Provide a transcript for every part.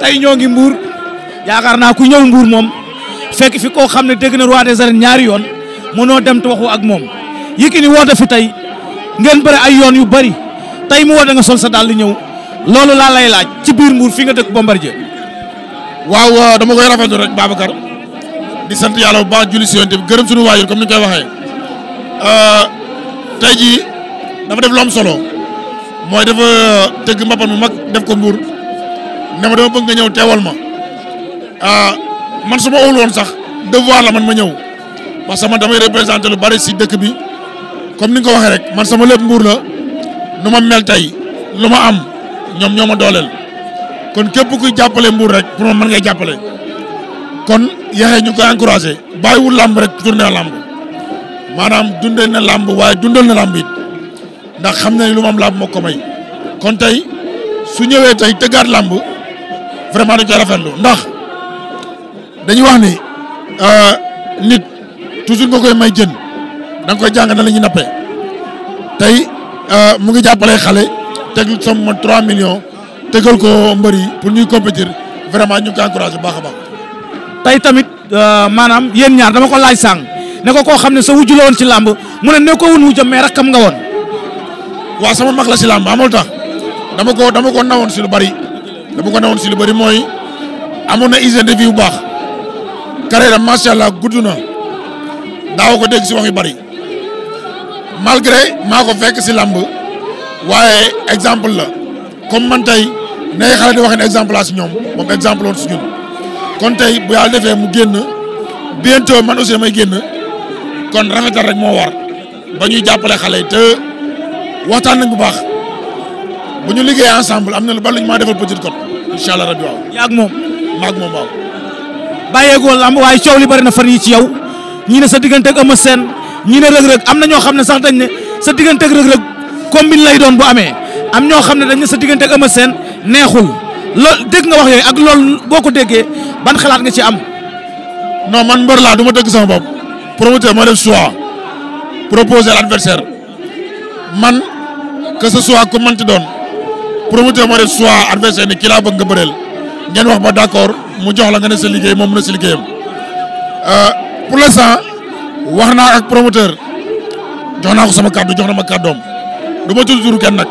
tey ñoo ngi mbuur yaakaar naa ku ñëw mbuur moom fekk fi koo xam ne dégg na roi des arènes ñaari yoon moo mënoo dem te waxu ak moom Yékini def fi tey ngeen bëre ay yoon yu bari tey mu woote nga sol sa dàll ñëw loolu laa lay laaj ci biir mbuur fi nga dëkk Bombardier waaw dama koy rafetlu rek Babacar di sant yàlla bu baax julli si yonent bi gërëm suñu waajur comme ni ñu koy waxee euh, tey jii dafa def lu solo mooy dafa tëgg mbapat mu mag def ko mbuur ne ma dama nga ñëw teewal ma ah, man su ma owul woon sax devoir la man ma ñëw parce que man damay représenté lu bari si dëkk bi comme ni ko waxee rek man sama lépp nguur la nu ma mel tey lu ma am ñoom ñoo ma dooleel kon képp kuy jàppale mbuur rek pour man nga jàppale kon yaxee ñu ko koy encouragé bàyyiwul làmb rek tourné na làmb maanaam dundee na làmb waaye dundal na làmb it ndax xam na ni lu ma am làmb moo ko may kon tey su ñëwee tey tëggaat làmb vraiment dañ koy rafetlu ndax dañuy wax ni euh, nit toujours nga koy may jën da nga koy jàng na la ñuy nappee tey euh, mu ngi jàppale xale teg somme ma 3 millions tegal ko mbër yi pour ñuy compétir vraiment ñu ngi koy encouragé baax a baax. tey tamit euh, maanaam yéen ñaar dama ko laaj sàng ne ko koo xam ne soo wujju la woon ci làmb mu ne ne ko woon wujjam mais rakkam nga woon. waaw sama mag la si làmb amul tax dama ko dama ko nawoon si lu bari. dama ko newoon si lu bëri mooy amoon na hygiène de vie bu baax carrière am macha allah gudd na daaw ko dégg si wax yu bëri malgré maa ko fekk si làmb waaye exemple la comme man tey nay xale di wax ne exemple laa si ñoom moom exemple woon si ñun kon tey bu yàlla defee mu génn bientôt man aussi damay génn kon rafetal rek moo war ba ñuy jàppale xale te waxtaan bu baax. bu ñu liggéeyee ensemble am na lu ba lu ñu maa defal Petite Côte incha allah rabbi waaw. yaa ak moom maa ak moom waaw. bàyyeegoo lamb waaye coow li bëri na far yi ci yow ñi ne sa diggante ak Eumeu Sène ñi ne rëg-rëg am na ñoo xam ne sax dañ ne sa diggante ak rëg-rëg combine lay doon bu amee am ñoo xam ne dañ ne sa diggante ak Eumeu Sène neexul loolu dégg nga wax yooyu ak lool boo ko déggee ban xalaat nga ci am. non man mbër laa du ma dëgg sama bopp. promoteur moo def choix proposer l'adversaire man que sa soit ku man ci doon. promoteur ma def soit adversaire ni kii laa bëgg nga bëreel ngeen wax ba d' accord mu jox la nga ne sa liggéey moom mu ne sa liggéeyam euh, pour l' instant wax naa ak promoteur jox naa ko sama kàddu jox na ma kàddoom du ma tudd turu kenn nag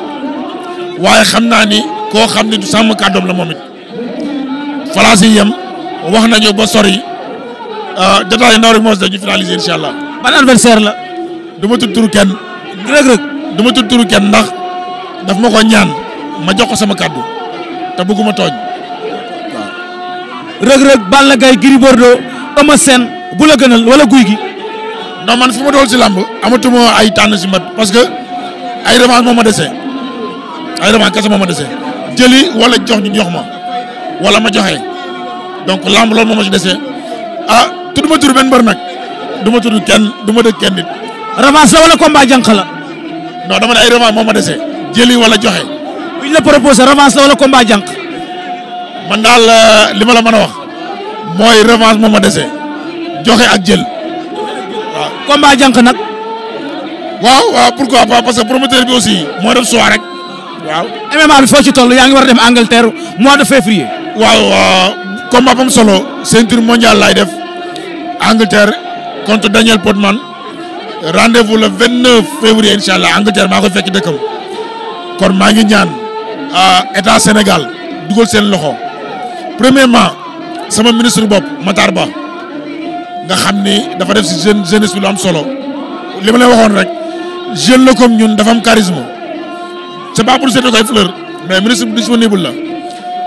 waaye xam naa ni koo xam ni du sàmm kàddoom la moom it falaas yem wax nañu ba sori euh, détails yi ndaw rek moo si dañu finaliser incha allah. ban adversaire la. du ma tudd turu kenn. Reug Reug du ma tudd turu kenn ndax daf ma ñaan. ma jox ko sama kàddu te bëgguma tooñ waaw. rëg-rëg Balla Gaye Gris Bordeaux Eumeu Sène bu la wala guy gi. non man fu ma dool si làmb amatuma ay tànn si mat parce que ay revanche moo ma dese ay revanche kese moo ma dese jëli wala jox ñu jox ma wala ma joxe donc làmb loolu moo ma dese ah tudd ma tur benn mbër nag du ma tudd kenn du ma dëkk kenn nit. revanche la wala combat jànq la. dama ne ay revanche moo ma dese jëli wala joxe. buñ la proposé revanche la wala combat jànq. man daal euh, li ma la mën a wax mooy revanche moo ma dese joxe ak jël waaw. combat jànq nag. waaw waaw pourquoi pas parce que promoteur bi moo def soir rek. waaw MMA bi foo ci yaa ngi war a dem Angleterre mois de février. waaw combat bam solo ceinture mondiale laay def Angleterre contre Daniel Portman rendez-vous le 29 février incha allah Angleterre maa ko fekk dëkkam kon maa ngi ñaan. état Sénégal dugal seen loxo premièrement sama ministre bopp Matar Ba nga xam ni dafa def si jeune jeunesse bi lu solo li ma lay waxoon rek jeune la comme ñun dafa am charisme c'est pas pour seetlu koy fleur mais ministre bi disponible la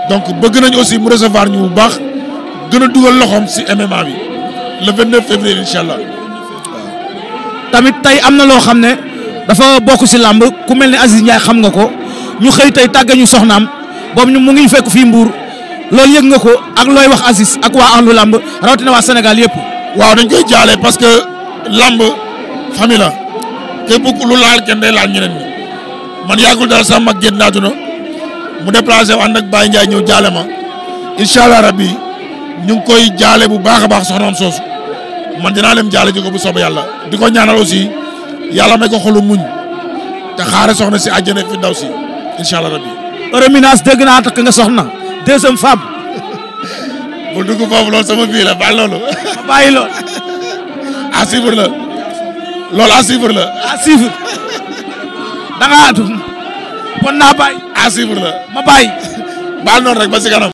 donc bëgg nañ aussi mu recevoir ñu bu baax gën a dugal loxoom si MMA bi le 29 février incha allah tamit tey am na loo xam ne dafa bokk si làmb ku mel ne Aziz Ndiaye xam nga ko. ñu xëy tey tàggañu soxnaam boobu ñu mu ngi ñu fekk fii Mbour loolu yëg nga ko ak looy wax Aziz ak waa ahlu lamb rawatina waa senegal yëpp. waaw dañ koy jaale parce que lamb famille la lu laal kenn day laal ñeneen ñi man yàggul dara sama mag génn àdduna mu déplacé wu ànd ak ñëw jaale ma incha allah rabbi ñu ngi koy jaale bu baax a baax soxnaam soosu man dinaa leen jaale ji ko bu soobee yàlla di ko ñaanal aussi yàlla may ko xolu muñ te xaare soxna si àjjana fi daw si. incha allah rabbi. reminance dégg naa takk nga soxna deuxième femme. bu dugg foofu loolu sama biir la baal loolu. ma bàyyi loolu. à suivre la. loolu à suivre la. à suivre. da ngaa kon naa bàyyi. à suivre la. ma bàyyi. baal noonu rek ba si